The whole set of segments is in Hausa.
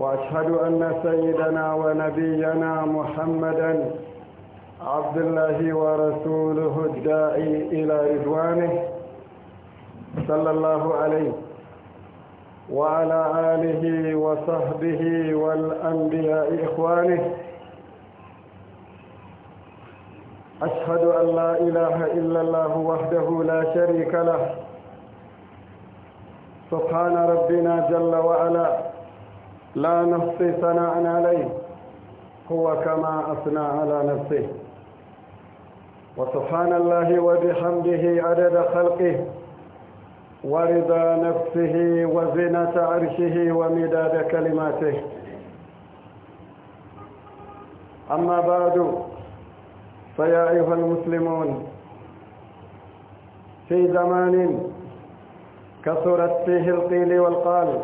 وأشهد أن سيدنا ونبينا محمدا عبد الله ورسوله الداعي إلى رضوانه صلى الله عليه وعلى آله وصحبه والأنبياء إخوانه أشهد أن لا إله إلا الله وحده لا شريك له سبحان ربنا جل وعلا لا نحصي ثناء عليه هو كما أثنى على نفسه وسبحان الله وبحمده عدد خلقه ورضا نفسه وزنة عرشه ومداد كلماته أما بعد فيا أيها المسلمون في زمان كثرت فيه القيل والقال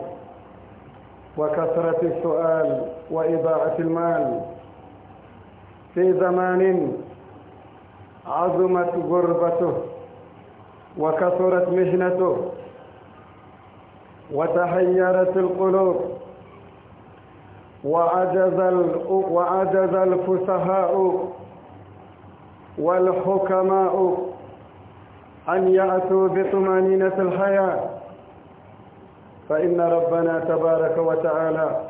وكثرة السؤال وإضاعة المال في زمان عظمت غربته وكثرت مهنته وتحيرت القلوب وعجز وعجز الفسهاء والحكماء أن يأتوا بطمأنينة الحياة فإن ربنا تبارك وتعالى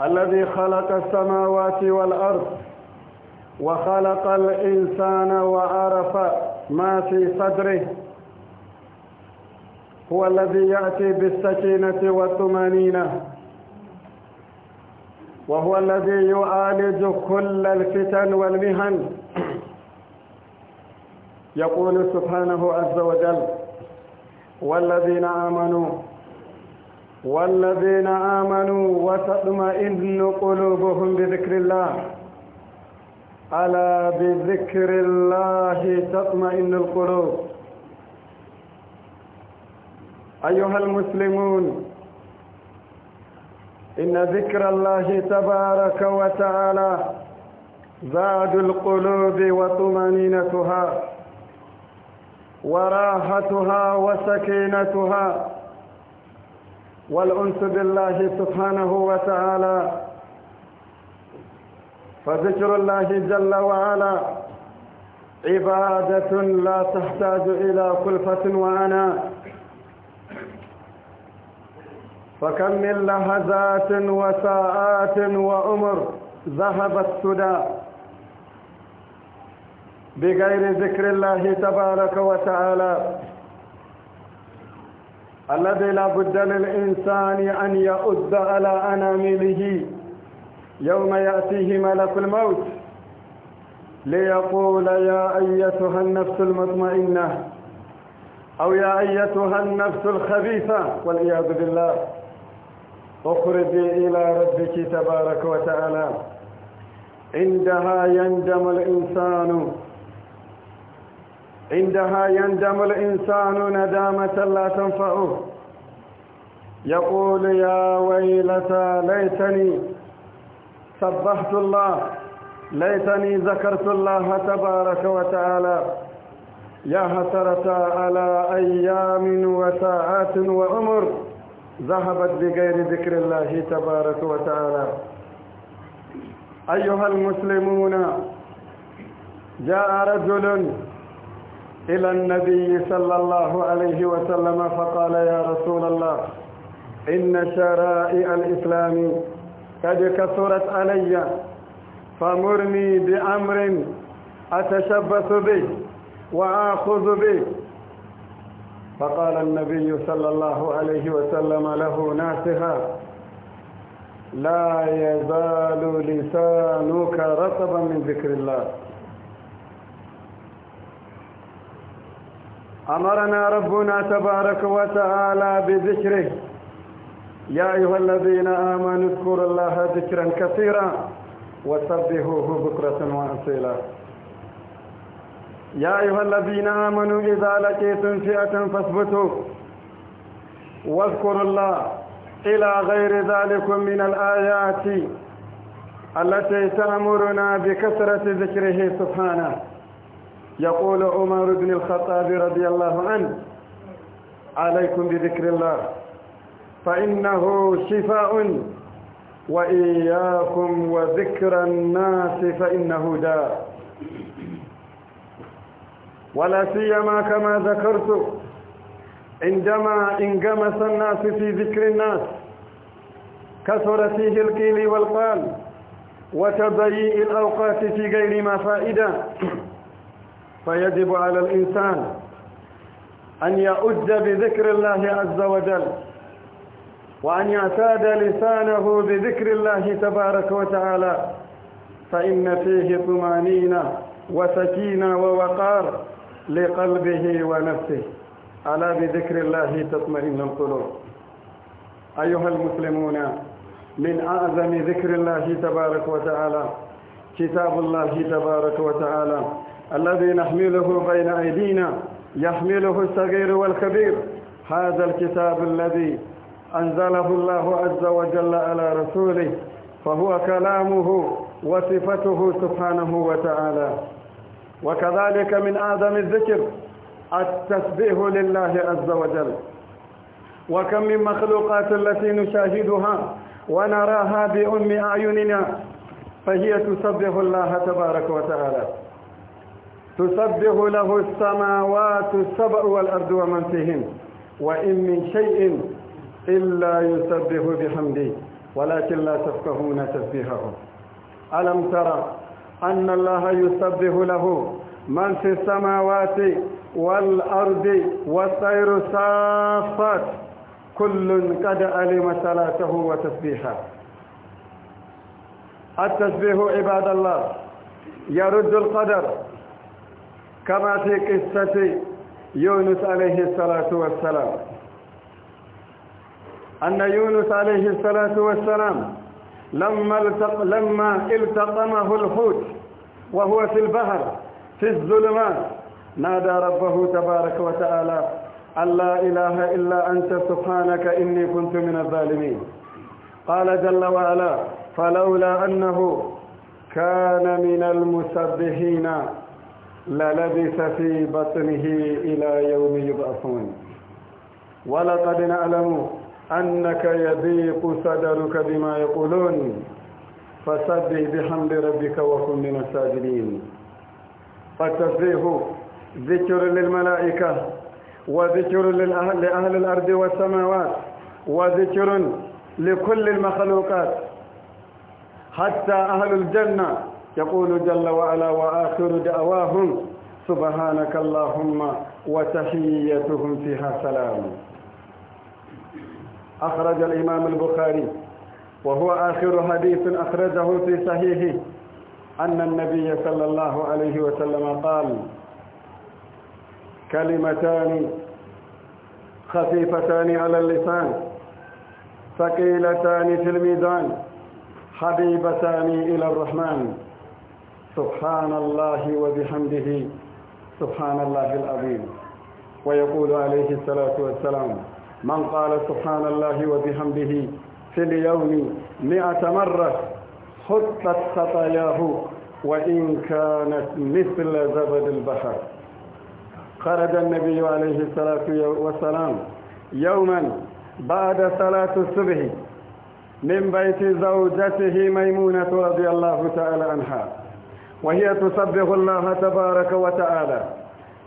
الذي خلق السماوات والأرض وخلق الإنسان وعرف ما في صدره هو الذي يأتي بالسكينة والطمانينة وهو الذي يعالج كل الفتن والمهن يقول سبحانه عز وجل والذين آمنوا والذين آمنوا وتطمئن قلوبهم بذكر الله ألا بذكر الله تطمئن القلوب أيها المسلمون إن ذكر الله تبارك وتعالى زاد القلوب وطمأنينتها وراحتها وسكينتها والأنس بالله سبحانه وتعالى فذكر الله جل وعلا عبادة لا تحتاج إلى كلفة وعناء فكم من لحظات وساعات وأمر ذهبت سدى بغير ذكر الله تبارك وتعالى الذي لا بد للإنسان أن يؤد على أنامله يوم يأتيه ملك الموت ليقول يا أيتها النفس المطمئنة أو يا أيتها النفس الخبيثة والعياذ بالله اخرجي إلى ربك تبارك وتعالى عندها يندم الإنسان عندها يندم الإنسان ندامة لا تنفعه يقول يا ويلتى ليتني سبحت الله ليتني ذكرت الله تبارك وتعالى يا هسرة على أيام وساعات وعمر ذهبت بغير ذكر الله تبارك وتعالى أيها المسلمون جاء رجل إلى النبي صلى الله عليه وسلم فقال يا رسول الله إن شرائع الإسلام قد كثرت علي فمرني بأمر أتشبث به وآخذ به فقال النبي صلى الله عليه وسلم له ناسها لا يزال لسانك رطبا من ذكر الله أمرنا ربنا تبارك وتعالى بذكره يا أيها الذين آمنوا اذكروا الله ذكرا كثيرا وسبحوه بكرة وأصيلا يا أيها الذين آمنوا إذا لقيتم فئة فاثبتوا واذكروا الله إلى غير ذلك من الآيات التي تأمرنا بكثرة ذكره سبحانه يقول عمر بن الخطاب رضي الله عنه عليكم بذكر الله فإنه شفاء وإياكم وذكر الناس فإنه داء ولا سيما كما ذكرت عندما انغمس الناس في ذكر الناس كثر فيه القيل والقال وتضييء الأوقات في غير ما فائدة فيجب على الإنسان أن يؤج بذكر الله عز وجل وأن يعتاد لسانه بذكر الله تبارك وتعالى فإن فيه طمانينة وسكينة ووقار لقلبه ونفسه ألا بذكر الله تطمئن القلوب أيها المسلمون من أعظم ذكر الله تبارك وتعالى كتاب الله تبارك وتعالى الذي نحمله بين أيدينا يحمله الصغير والكبير هذا الكتاب الذي أنزله الله عز وجل على رسوله فهو كلامه وصفته سبحانه وتعالى وكذلك من آدم الذكر التسبيح لله عز وجل وكم من مخلوقات التي نشاهدها ونراها بأم أعيننا فهي تسبح الله تبارك وتعالى تسبح له السماوات السبع والأرض ومن فيهن وإن من شيء إلا يسبح بحمده ولكن لا تفقهون تسبيحهم ألم ترى أن الله يسبح له من في السماوات والأرض والطير صافات كل قد علم صلاته وتسبيحه التسبيح عباد الله يرد القدر كما في قصة يونس عليه الصلاة والسلام أن يونس عليه الصلاة والسلام لما التق... لما التقمه الحوت وهو في البحر في الظلمات نادى ربه تبارك وتعالى أن لا إله إلا أنت سبحانك إني كنت من الظالمين قال جل وعلا فلولا أنه كان من المسبحين للبث في بطنه إلى يوم يبعثون ولقد نعلم أنك يضيق صدرك بما يقولون فسبح بحمد ربك وكن من الساجدين فالتسبيح ذكر للملائكة وذكر لأهل الأرض والسماوات وذكر لكل المخلوقات حتى أهل الجنة يقول جل وعلا وآخر دعواهم سبحانك اللهم وتحيتهم فيها سلام أخرج الإمام البخاري وهو آخر حديث أخرجه في صحيحه أن النبي صلى الله عليه وسلم قال كلمتان خفيفتان على اللسان ثقيلتان في الميزان حبيبتان إلى الرحمن سبحان الله وبحمده سبحان الله العظيم ويقول عليه الصلاة والسلام من قال سبحان الله وبحمده في اليوم مئة مرة خطت خطاياه وإن كانت مثل زبد البحر خرج النبي عليه الصلاة والسلام يوما بعد صلاة الصبح من بيت زوجته ميمونة رضي الله تعالى عنها وهي تسبح الله تبارك وتعالى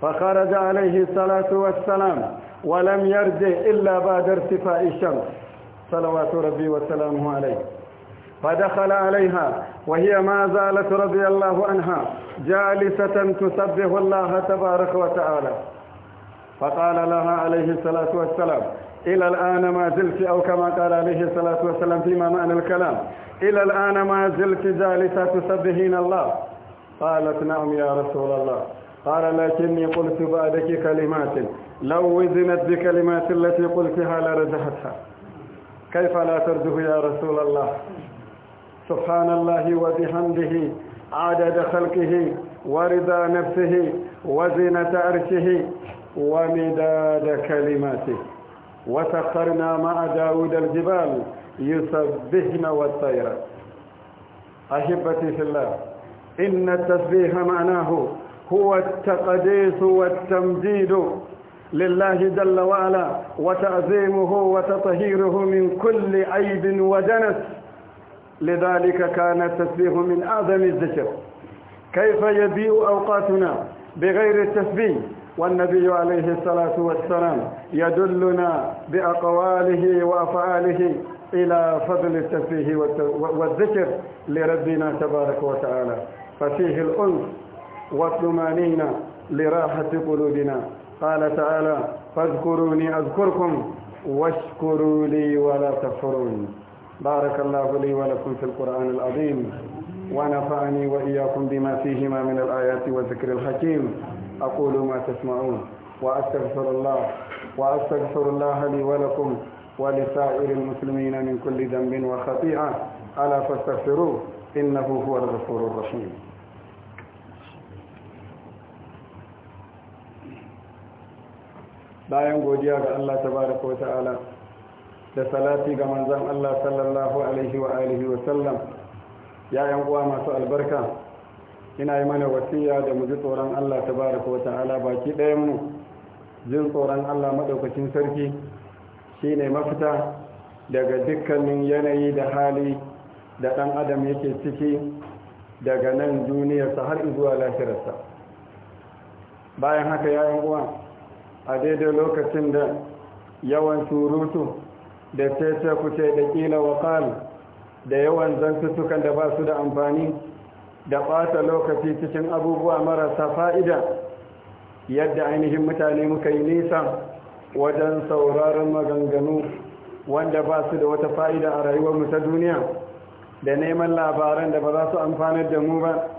فخرج عليه الصلاة والسلام ولم يرجع إلا بعد ارتفاع الشمس صلوات ربي وسلامه عليه فدخل عليها وهي ما زالت رضي الله عنها جالسة تسبح الله تبارك وتعالى فقال لها عليه الصلاة والسلام إلى الآن ما زلت أو كما قال عليه الصلاة والسلام فيما معنى الكلام إلى الآن ما زلت جالسة تسبحين الله قالت نعم يا رسول الله قال لكني قلت بعدك كلمات لو وزنت بكلمات التي قلتها لرجحتها كيف لا ترجه يا رسول الله سبحان الله وبحمده عدد خلقه ورضا نفسه وزنة عرشه ومداد كلماته وسخرنا مع داود الجبال يسبحن والطير أحبتي في الله إن التسبيح معناه هو التقديس والتمجيد لله جل وعلا وتعظيمه وتطهيره من كل عيب ودنس لذلك كان التسبيح من أعظم الذكر كيف يبيء أوقاتنا بغير التسبيح والنبي عليه الصلاة والسلام يدلنا بأقواله وأفعاله إلى فضل التسبيح والذكر لربنا تبارك وتعالى ففيه الأنس والطمأنينة لراحة قلوبنا قال تعالى فاذكروني أذكركم واشكروا لي ولا تكفرون بارك الله لي ولكم في القرآن العظيم ونفعني وإياكم بما فيهما من الآيات والذكر الحكيم أقول ما تسمعون وأستغفر الله وأستغفر الله لي ولكم ولسائر المسلمين من كل ذنب وخطيئة ألا فاستغفروه إنه هو الغفور الرحيم bayan godiya ga Allah tabaraka wata'ala da salati ga manzan Allah sallallahu alaihi wa alihi wa sallam ya yan uwa masu albarka ina yi mana wasiya da mu ji tsoron Allah tabaraka wata'ala baki ɗayan mu jin tsoron Allah madaukakin sarki shine mafita daga dukkanin yanayi da hali da ɗan adam yake ciki daga nan duniyarsa har zuwa lafiyarsa bayan haka ya'yan uwa a daidai lokacin da yawan surutu da cece kuce da kila wakal da yawan zantutukan da ba su da amfani da ɓata lokaci cikin abubuwa marasa fa'ida yadda ainihin mutane muka yi nisa wajen sauraron maganganu wanda ba su da wata fa'ida a rayuwarmu ta duniya da neman labaran da ba za su amfanar da mu ba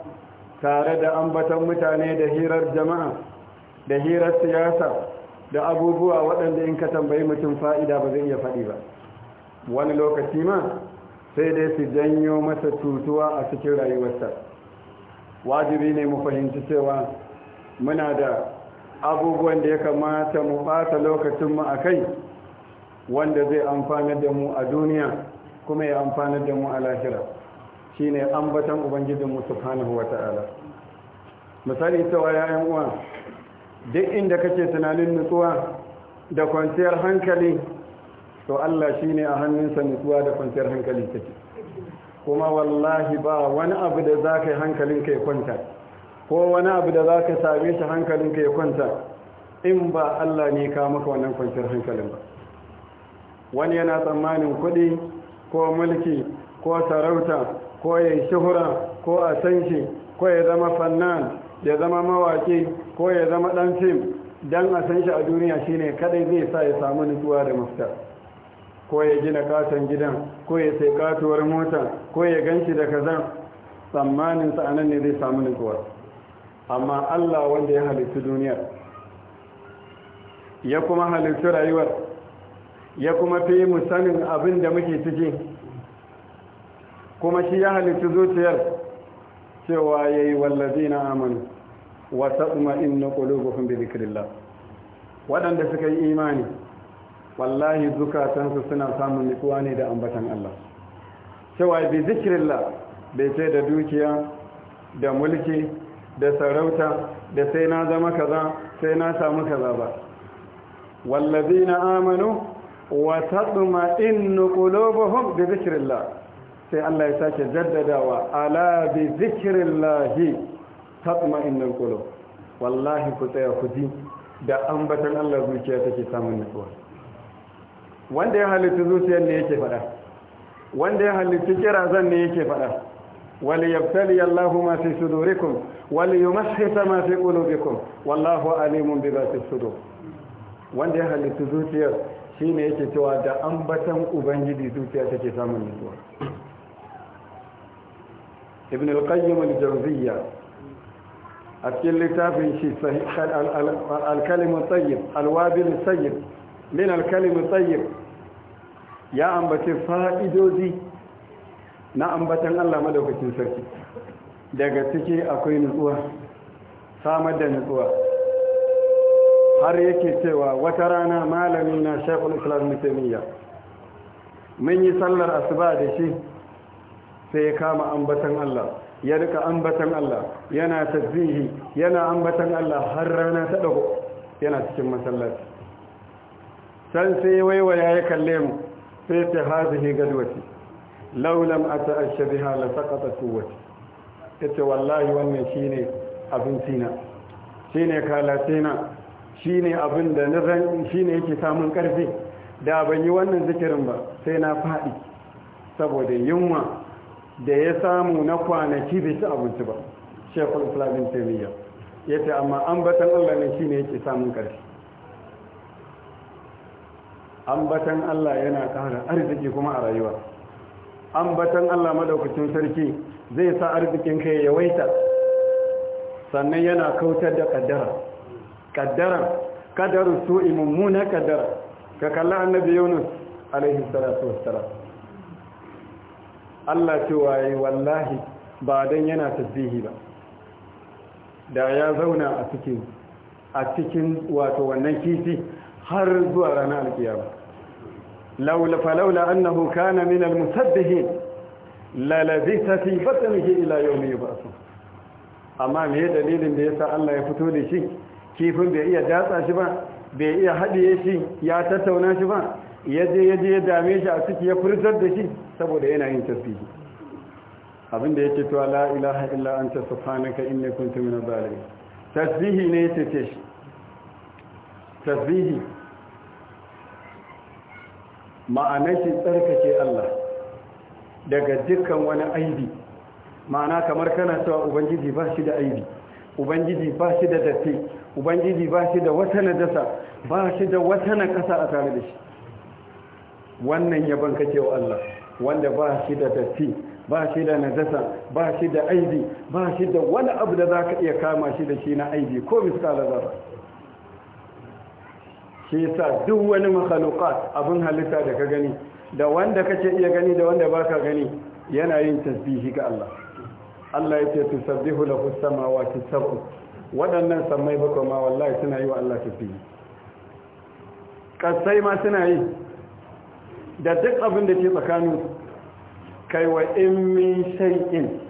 tare da ambatan mutane da hirar jama'a da hirar siyasa da abubuwa waɗanda in ka tambayi mutum fa'ida ba zai iya faɗi ba wani lokaci ma sai dai su janyo masa tutuwa a cikin rayuwarsa wajibi ne mu fahimci cewa muna da abubuwan da ya kamata mu ɓata mu a kai wanda zai amfanar da mu a duniya kuma ya amfanar da mu a lahira shine ambatan ubangijinmu subhanahu wata'ala misali cewa ya'yan uwa duk inda kake tunanin nutsuwa da kwanciyar hankali to Allah shi ne a hannunsa nutsuwa da kwanciyar hankali take kuma wallahi ba wani abu da za ka yi ka ya kwanta ko wani abu da za ka same shi hankalinka ya kwanta in ba Allah ne ka maka wannan kwanciyar hankalin ba wani yana tsammanin kuɗi ko mulki ko sarauta ko ya shuhura ko a san shi ko ya zama fannan ya zama mawaƙi ko ya zama ɗan fim don a san shi a duniya shine kaɗai zai sa ya samu nutsuwa da mafita ko ya gina katon gidan ko ya sai katuwar mota ko ya ganshi da kaza tsammanin sa anan ne zai samu nutsuwa amma Allah wanda ya halittu duniyar ya kuma halittu rayuwar ya kuma fi mu sanin abin da muke ciki kuma shi ya halittu zuciyar cewa ya yi yayi na amanu wa tatma'innu qulubuhum bi dhikrillah waɗanda suka yi imani wallahi zukatansu suna samun nutsuwa ne da ambatan Allah cewa bi dhikrillah bai ce da dukiya da mulki da sarauta da sai na zama kaza sai na samu kaza ba na amanu wa tatma'innu qulubuhum bi la. sai Allah ya sake jaddadawa ala bi zikrillahi tatma'innul qulub wallahi ku tsaya ku ji da ambatan Allah zuciya take samun nutsuwa wanda ya halitta zuciyar ne yake fada wanda ya halitta kirazan ne yake fada wal yabtali Allahu ma fi sudurikum wal yumahhisa ma fi qulubikum wallahu alimun bi dhati sudur wanda ya halitta zuciyar shine yake cewa da ambatan ubangiji zuciya take samun nutsuwa ibn al-qayyim al-jawziyya a cikin littafin shi al-kalimu tayyib al-wabil tayyib min al ya ambace fa'idoji na ambatan Allah madaukakin sarki daga ciki akwai nutsuwa samar da nutsuwa har yake cewa wata rana malami na shekul islam mutumiyya mun yi sallar asuba da shi sai ya kama ambatan Allah ya rika ambatan Allah yana tazihi yana ambatan Allah har rana ta dago yana cikin masallaci san sai waiwaya ya kalle mu sai ta hazihi gadwati laulam lam ata'ashsha biha la saqata quwwati yace wallahi wannan shine abinci na shine kalatina shine abin da na ran shine yake samun karfi da ban yi wannan zikirin ba sai na fadi saboda yunwa da ya samu na kwanaki bai ci abinci ba shekul flavin taimiyya ya ce amma ambatan allah ne ya ke samun ƙarfi ambatan allah yana ƙara arziki kuma a rayuwa ambatan allah madaukacin sarki zai sa arzikin kai ya waita sannan yana kautar da kaddara kaddara kaddaru su'i mummuna kaddara ka kalla annabi yunus alaihi salatu wassalam Allah cewa yi wallahi ba don yana tasbihi ba da ya zauna a cikin a cikin wato wannan kifi har zuwa ranar alkiyama laula falaula annahu kana min almusabbihin la labisa fi batnihi ila yawmi yub'ath amma me dalilin da yasa Allah ya fito da shi kifin bai iya datsa shi ba bai iya hadiye shi ya tattauna shi ba ya je ya je ya dame shi a ciki ya furtar da shi saboda yana yin tasbihi abinda yake to la ilaha illa anta subhanaka inni kuntu minaz zalimin tasbihi ne yake ce shi tasbihi ma'ana shi tsarkake Allah daga dukkan wani aibi ma'ana kamar kana cewa ubangiji ba shi da aibi ubangiji ba shi da datti ubangiji ba shi da wata najasa ba shi da wata nakasa a tare da shi wannan yaban kake wa Allah wanda ba shi da datti ba shi da najasa ba shi da aibi ba shi da wani abu da za ka iya kama shi da shi na aibi ko miskala zarra shi yasa duk wani makhluqat abin halitta da ka gani da wanda kake iya gani da wanda baka gani yana yin tasbihi ga Allah Allah yake tusabbihu lahu samawati sab'u waɗannan samai bako ma wallahi suna yi wa Allah tasbihi kasai ma suna yi da duk abin da ke tsakanin kaiwa wa in min shay'in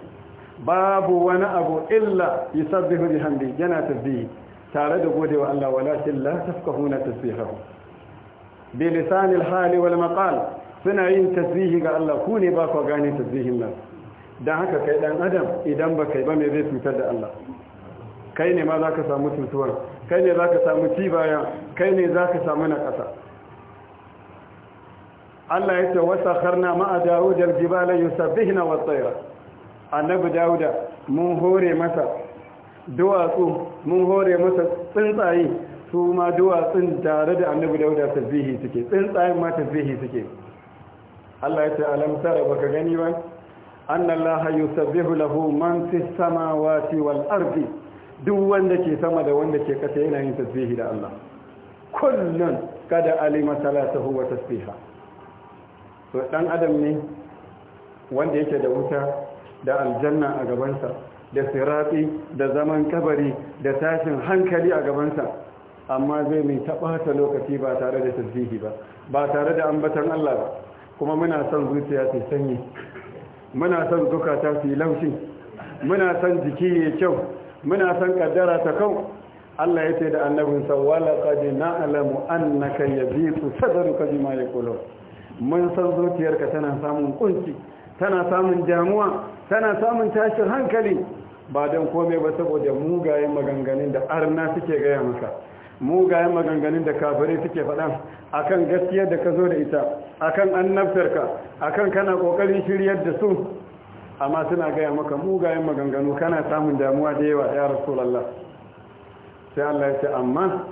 babu wani abu illa yusabbihu bihamdi yana tasbihi tare da godewa Allah wala la tafkahuna tasbihahu bi lisan al-hali wal maqal suna yin tasbihi ga Allah ku ne ba ku gane tasbihin nan dan haka kai dan adam idan ba kai ba me zai cutar da Allah kai ne ma zaka samu cutuwar kai ne zaka samu cibaya kai ne zaka samu na ƙasa Allah ya ce wasakharna ma'a Dawud al-jibala yusabbihna wat-tayra annabi Dawuda mun hore masa duwatsu mun hore masa tsuntsaye su ma duwatsun tare da annabi Dawuda sabbihi suke tsuntsayen ma sabbihi suke Allah ya ce alam tara baka gani ba anna Allah yusabbihu lahu man sama samawati wal ardi duk wanda ke sama da wanda ke kasa yana yin sabbihi da Allah Kullum kada alima salatahu wa tasbihahu to dan adam ne wanda yake da wuta da aljanna a gabansa da sirati da zaman kabari da tashin hankali a gabansa amma zai mai taɓata lokaci ba tare da tasbihi ba ba tare da ambatan Allah ba kuma muna son zuciya ta sanyi muna son zukata su yi laushi muna son jiki ya kyau muna son kaddara ta kau Allah ya ce da annabinsa wala qad na'lamu annaka yabitu sadruka bima yaqulun mun san zuciyarka tana samun kunci tana samun damuwa tana samun tashin hankali ba don kome ba saboda mugayen maganganun da arna suke gaya maka mugayen maganganun da kafirai suke faɗa akan gaskiyar da ka zo da ita akan annabtarka akan kana ƙoƙarin shiryar da su amma suna gaya maka mugayen maganganu kana samun damuwa da yawa ya rasulallah sai Allah ya ce amma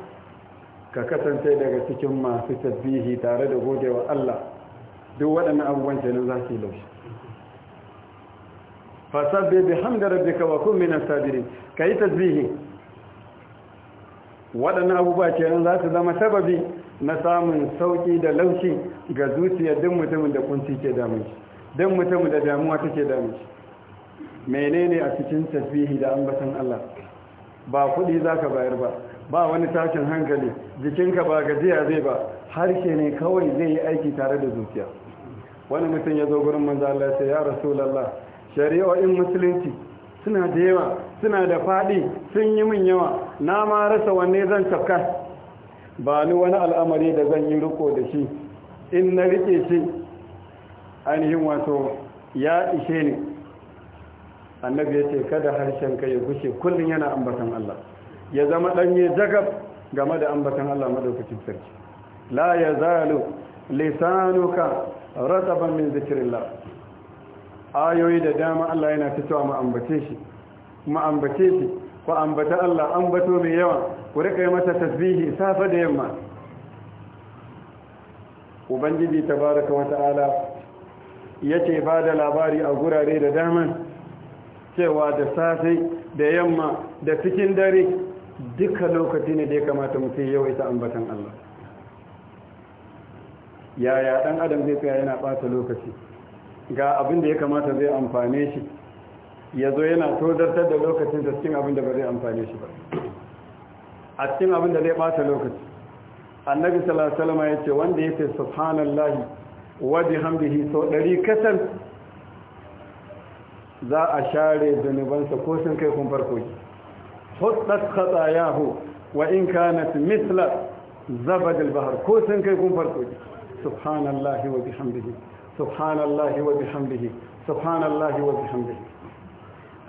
ka kasance daga cikin masu tasbihi tare da wa Allah duk waɗannan abubuwan kenan za su yi laushi bai bi hamdar da kawo kun minas sabirin kai tasbihi waɗannan abubuwa kenan za su zama sababi na samun sauƙi da laushi ga zuciyar duk mutumin da kunci ke damun shi duk mutumin da damuwa take damun shi menene a cikin tasbihi da ambatan Allah ba kuɗi za ka bayar ba ba wani tashin hankali jikinka ba gajiya zai ba harshe ne kawai zai yi aiki tare da zuciya wani mutum ya zo gurin manzo Allah ya ce ya rasulullah in musulunci suna da yawa suna da faɗi sun yi min yawa na ma rasa wanne zan tafka ba ni wani al'amari da zan yi riko da shi in na rike shi ainihin wato ya ishe ni annabi ya ce kada harshen ka ya gushe kullum yana ambatan Allah ya zama ɗanye jagab game da ambatan Allah madaukakin sarki la yazalu lisanuka rataban min la. ayoyi da dama Allah yana fitowa mu ambace shi shi ko ambata Allah ambato mai yawa ku rika yi masa tasbihi safa da yamma ubangiji tabaraka wa ta'ala yace ba da labari a gurare da dama cewa da safe da yamma da cikin dare duka lokaci ne da ya kamata mu mutum yawaita ambatan Allah yaya dan adam zai tsaya yana bata lokaci ga abin da ya kamata zai amfane shi ya zo yana todartar da lokacin da cikin abin da ba zai amfane shi ba a cikin abin da zai bata lokaci annabi sallallahu alaihi wasallam ya ce wanda yake subhanallahi wa bihamdihi so dari kasan za a share zunubansa ko sun kai kun farko hudat khatayahu wa in kanat mithla zabad al-bahr ko sun kai kun farko سبحان الله وبحمده سبحان الله وبحمده سبحان الله وبحمده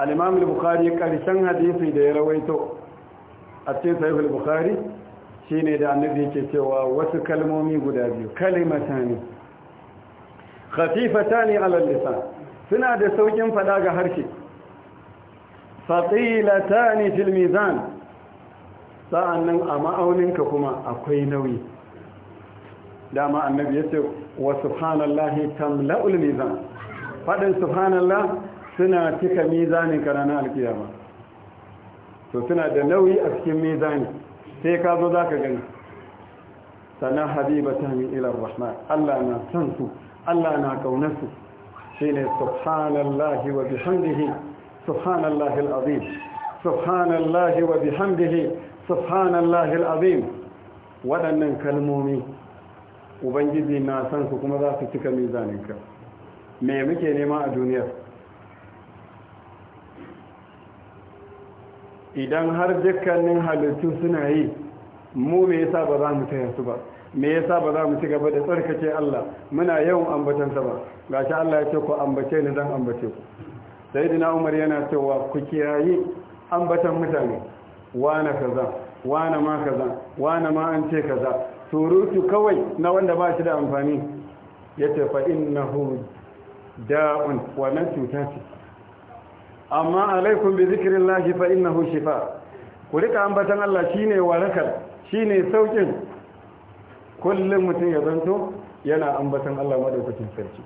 الإمام البخاري قال شن حديثي ده رويته أتي صحيح البخاري shine da annabi yake cewa wasu kalmomi guda biyu kalimatani khafifatani ala lisan suna da saukin fada ga harshe faqilatani fil mizan sa'annan a ma'auninka kuma akwai nauyi dama annabi ya ce wa subhanallahi tamla'ul mizan fadin subhanallah suna cika mizanin ka ranar alkiyama to suna da nauyi a cikin mizani sai ka zo za ka gani Sana habiba ta min ilar rahman allah na son su allah na kaunarsu shi ne subhanallahi wa bihamdihi subhanallahi al'azim subhanallahi wa bihamdihi subhanallahi al'azim waɗannan kalmomi ubangiji na san ku kuma za su cika mizaninka me muke nema a duniya? idan har dukkanin halittu suna yi mu me yasa ba za mu taya su ba me yasa ba za mu ci gaba da tsarkake Allah muna yawan ambatansa ba gashi Allah ya ce ku ambace ni zan ambace ku sayyidina Umar yana cewa ku kiyayi ambatan mutane Wa na kaza wa na ma kaza wa na ma an ce kaza surutu kawai na wanda ba shi da amfani ya tafa innahu da'un wannan cuta ce amma alaikum bi zikrillahi fa innahu shifa ku rika ambatan Allah shi ne warakar ne saukin kullum mutum ya zanto yana ambatan Allah madaukakin sarki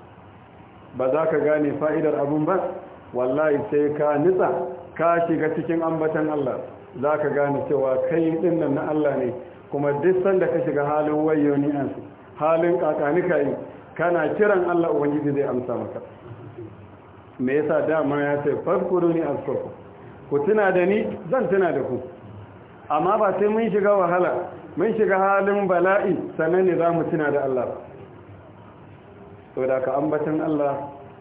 ba za ka gane fa'idar abun ba wallahi sai ka nitsa ka shiga cikin ambatan Allah za ka gane cewa kai din nan na Allah ne kuma duk sanda ka shiga halin wayo ni an halin kakanika yi kana kiran Allah ubangiji zai amsa maka me yasa dama ya ce fadkuruni azkurku ku tuna da ni zan tuna da ku amma ba sai mun shiga wahala mun shiga halin bala'i sanan ne za mu tuna da Allah ba saboda ka ambatan Allah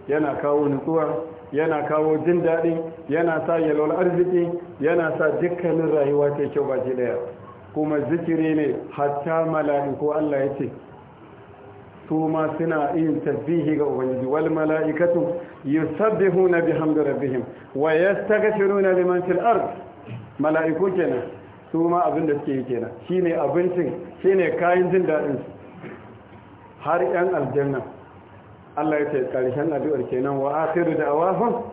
yana kawo nutsuwa yana kawo jin daɗi yana sa yalwar arziki yana sa dukkanin rayuwa ta kyau ba ji ɗaya kuma zikiri ne hatta mala'iku Allah ya ce su ma suna yin tasbihi ga ubangiji wal mala'ikatu yusabbihuna bihamdi rabbihim wa yastaghfiruna liman fil ard mala'iku kenan su ma abin da suke yi kenan shine abincin shine kayan jin dadin har yan aljanna Allah ya ce karshen addu'ar kenan wa akhiru da'awahum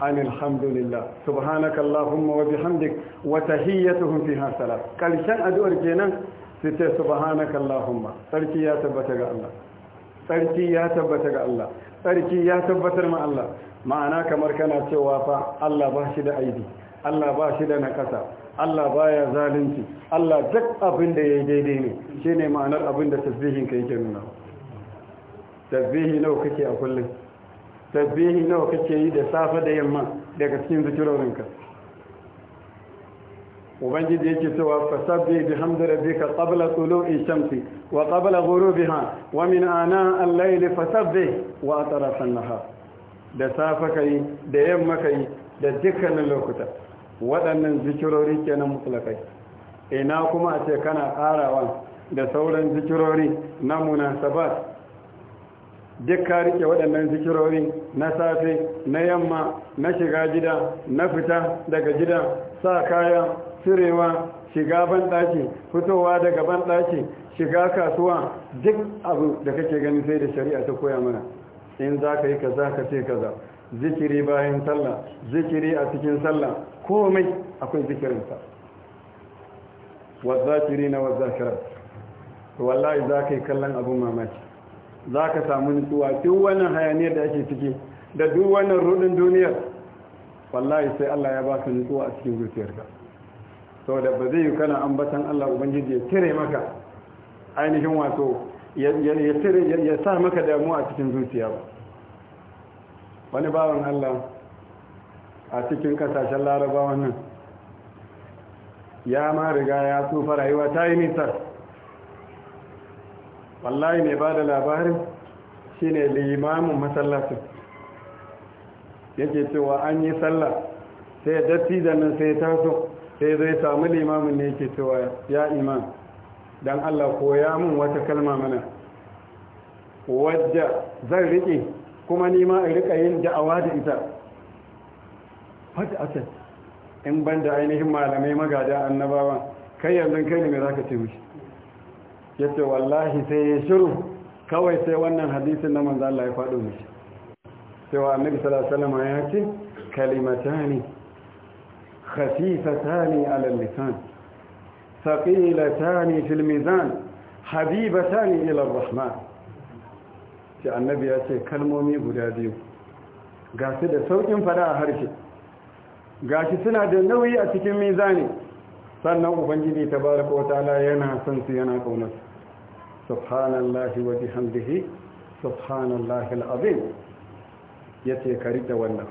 an alhamdulillah subhanaka allahumma wa bihamdik wa tahiyyatuhum fiha salam karshen addu'ar kenan sai ce subhanaka allahumma sarki ya tabbata ga ya tabbata ga Allah sarki ya tabbatar ma Allah ma'ana kamar kana cewa fa Allah ba shi da aibi Allah ba shi da nakasa Allah baya zalunci Allah duk abinda da yayi daidai ne shine ma'anar abin da tasbihin ka nuna nawa kake a kullum tasbihi nawa kake yi da safa da yamma daga cikin zikirorinka ubangiji yake cewa fasabbih bihamdi rabbika qabla tulu'i shamsi wa qabla ghurubiha wa min ana al-layli fasabbih wa atrafa an-nahar da safa kai da yamma kai da dukkanin lokuta waɗannan zikirori kenan mutlakai ina kuma a ce kana ƙarawa da sauran zikirori na munasabat duk ka rike waɗannan zikirori na safe na yamma na shiga gida na fita daga gida sa kaya cirewa shiga banɗaki fitowa daga banɗaki shiga kasuwa duk abu da kake gani sai da shari'a ta koya mana in za ka yi kaza ka ce kaza zikiri bayan sallah zikiri a cikin sallah komai akwai zikirinsa wazzakiri na wazzakirar wallahi za ka yi kallon abin mamaki za ka samu nutsuwa duk wannan hayaniyar da ake ciki da duk wannan rudin duniyar wallahi sai Allah ya ba baka nutsuwa a cikin zuciyarka saboda ba zai yi kana ambatan Allah ubangiji ya tire maka ainihin wato ya tire ya sa maka damuwa a cikin zuciya ba wani bawan Allah a cikin kasashen larabawa nan ya ma riga ya tsufa rayuwa ta yi nisa wallahi mai ba da labarin shine limamin masallacin yake cewa an yi sallah sai datti da nan sai taso sai zai samu limamin ne yake cewa ya iman. don allah koya mun wata kalma mana wadda zan riƙe kuma nima in riƙa yin da'awa da ita wadda in ban da ainihin malamai magada annabawa kai yanzu kai ne mai za ka ce mishi Yace wallahi sai ya shiru kawai sai wannan hadisin na manzo Allah ya faɗo mishi wa annabi sallallahu alaihi ya ce kalimatani خفيفتان ala lisan ثقيلتان fil mizan حبيبتان ila rahman sai annabi ya ce kalmomi guda biyu Gashi da saukin fada a harshe Gashi suna da nauyi a cikin mizani sannan ubangiji tabaraka wataala yana son su yana kaunar su subhanallahi wa bihamdihi subhanallahi alazim yace ka rike wannan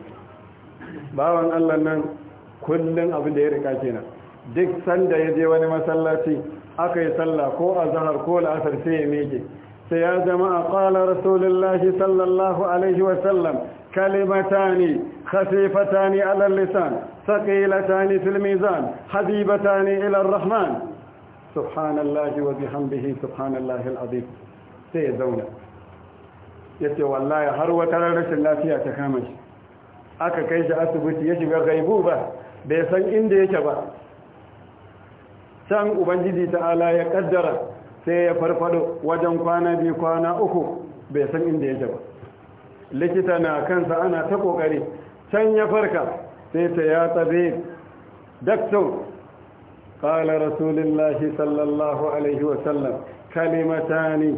bawan Allah nan kullun abin da ya rika kenan duk sanda ya je wani masallaci aka yi sallah ko azhar ko al'asr sai ya miji sai ya jama'a qala rasulullahi sallallahu alaihi wa sallam kalimatani khasifatani ala lisan ثقيلتان في الميزان Rahman. إلى الرحمن سبحان الله وبحمده سبحان الله العظيم سيزونا yace wallahi har wata rashin lafiya ta kama shi aka kai shi asibiti ya shiga gaibu ba bai san inda yake ba can ubangiji ta'ala ya kaddara sai ya farfaɗo wajen kwana biyu kwana uku bai san inda yake ba likita na kansa ana ta ƙoƙari. can ya farka sai ta ya tabe daktar ƙala rasulun lashi sallallahu alaihi wasallam kalimata ne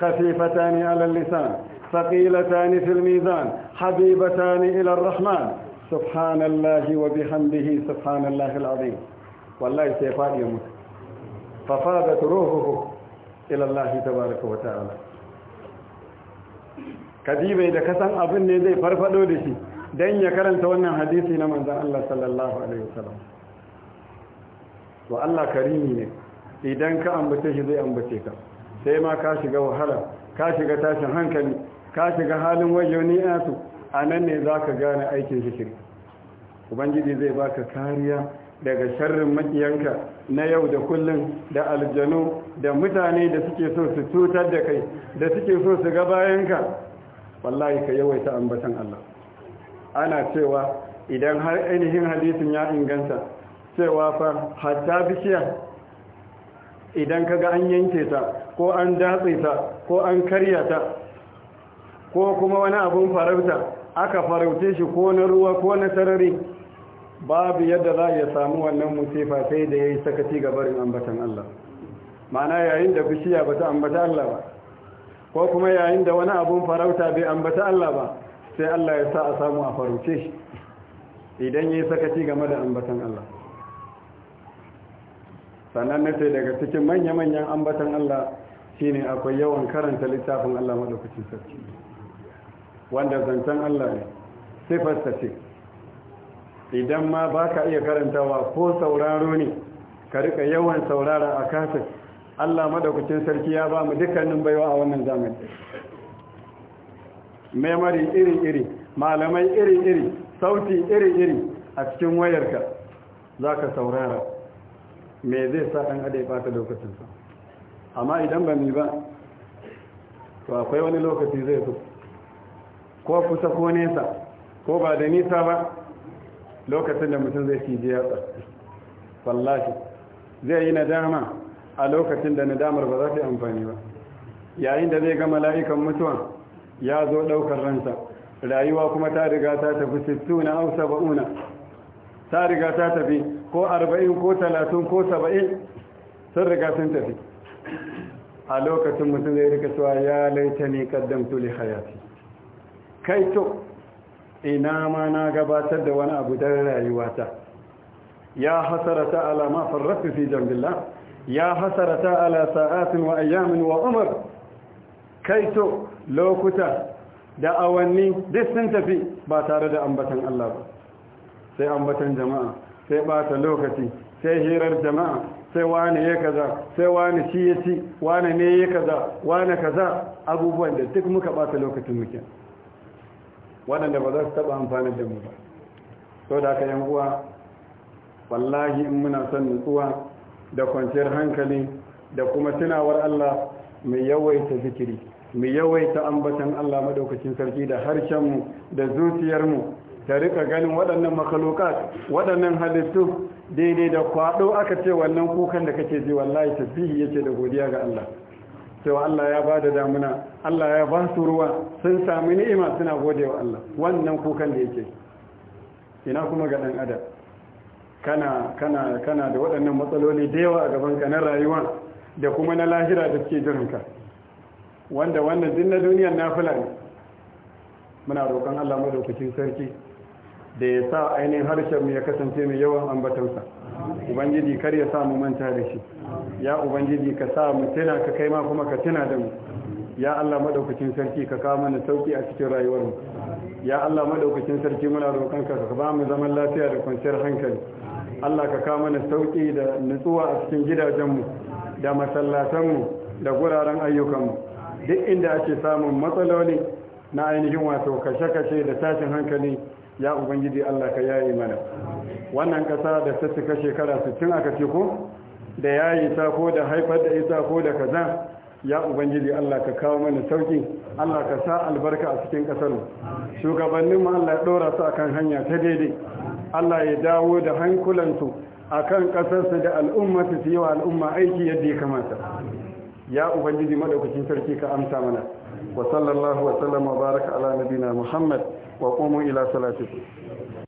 kafifata ne alallisan faƙilata ne filmizan habibata ne ilar rahman subhanallahi wa bihanbihi subhanallahi al'adim wallahi sai faɗi ya mutu fafadat ruhuhu ilallahi tabaraka wa ta'ala ka jibai da kasan abin ne zai farfaɗo da shi don ya karanta wannan hadisi na manzan Allah sallallahu Alaihi wasallam to Allah karimi ne idan ka ambace shi zai ambace ka sai ma ka shiga wahala ka shiga tashin hankali ka shiga halin wajeni yasu a nan ne za ka gane aikin shi ubangiji zai baka kariya daga sharrin makiyanka na yau da kullun da aljanu da mutane da suke so su cutar da kai da suke so su ga bayanka wallahi ka yawaita ambatan Allah ana cewa idan har ainihin hadisin ya inganta cewa fa hatta bishiya idan kaga an yanke ta ko an datse ta ko an karya ta ko kuma wani abun farauta aka farauce shi ko na ruwa ko na sarari babu yadda za ya samu wannan musifa sai da ya yi sakaci gabarin ambatan Allah ma'ana yayin da bishiya ba ta ambata Allah ba ko kuma yayin da wani abun farauta bai ambata Allah ba sai Allah ya sa a samu a faruce shi idan ya yi sakaci game da ambatan Allah sannan na ce daga cikin manya-manyan ambatan Allah shi ne akwai yawan karanta littafin Allah maɗaukacin sarki wanda zancen Allah ne sifarsa ce idan ma ba ka iya karantawa ko sauraro ne ka rika yawan saurara a kasar Allah maɗaukacin sarki ya ba mu dukkanin baiwa a wannan zamani memory iri-iri malamai iri-iri sauti iri-iri a cikin wayarka za ka saurara me zai sa ɗan adai ɓata lokacinsa amma idan ba ni ba to akwai wani lokaci zai zo ko kusa ko nesa ko ba da nisa ba lokacin da mutum zai fi jiyarsa wallahi zai yi nadama a lokacin da nadamar ba za ta yi amfani ba yayin da zai ga mala'ikan mutuwa ya zo ɗaukar ransa rayuwa kuma ta riga ta tafi na Hausa ba'una ta riga ta tafi ko arba'in ko talatin ko saba'in sun riga sun tafi a lokacin mutum zai rika cewa ya laita ne kaddamtu li hayati kai to ina ma na gabatar da wani abu don rayuwata ya hasarata ala ma farrafi fi jambillah ya hasarata ala sa'atin wa ayyamin wa umar kai to lokuta da awanni duk sun tafi ba tare da ambatan Allah ba sai ambatan jama'a sai bata lokaci sai hirar jama'a sai wani ya kaza sai wani shi ya ci wani ne ya kaza wani kaza abubuwan da duk muka bata lokacin muke waɗanda ba za su taɓa amfani da mu ba so da aka uwa wallahi in muna son nutsuwa da kwanciyar hankali da kuma tunawar Allah mai yawaita zikiri mu yawaita ambatan Allah madaukakin sarki da harshen mu da zuciyar mu ta rika ganin waɗannan makalokat waɗannan halittu daidai da kwaɗo aka ce wannan kukan da kake ji wallahi tasbihi yake da godiya ga Allah cewa Allah ya ba damuna Allah ya ba su ruwa sun sami ni'ima suna gode wa Allah wannan kukan da yake ina kuma ga dan adam kana kana kana da waɗannan matsaloli da yawa a gaban ka na rayuwa da kuma na lahira da suke ka. wanda wannan din na na nafila ne muna roƙon Allah madaukakin sarki da ya sa ainihin harshen ya kasance mai yawan ambatansa ubangiji kar ya sa mu manta da shi ya ubangiji ka sa mu tuna ka kai ma kuma ka tuna da mu ya Allah madaukakin sarki ka kawo mana sauki a cikin rayuwar mu ya Allah madaukakin sarki muna roƙon ka ka ba mu zaman lafiya da kwanciyar hankali Allah ka kawo mana sauki da nutsuwa a cikin gidajenmu da masallatanmu da guraren ayyukanmu duk inda ake samun matsaloli na ainihin wato kashe-kashe da tashin hankali ya ubangiji Allah ka yayi mana wannan kasa da ta cika shekara 60 aka ce ko da yayi ta ko da haifar da ita ko da kaza ya ubangiji Allah ka kawo mana sauki Allah ka sa albarka a cikin kasar shugabannin mu Allah ya dora su akan hanya ta daidai Allah ya dawo da hankulansu akan kasarsu da al'ummatu su yi wa al'umma aiki yadda ya kamata ya ubangiji madaukakin sarki ka amsa mana wa sallallahu wa sallama baraka ala nabina muhammad wa qumu ila salatikum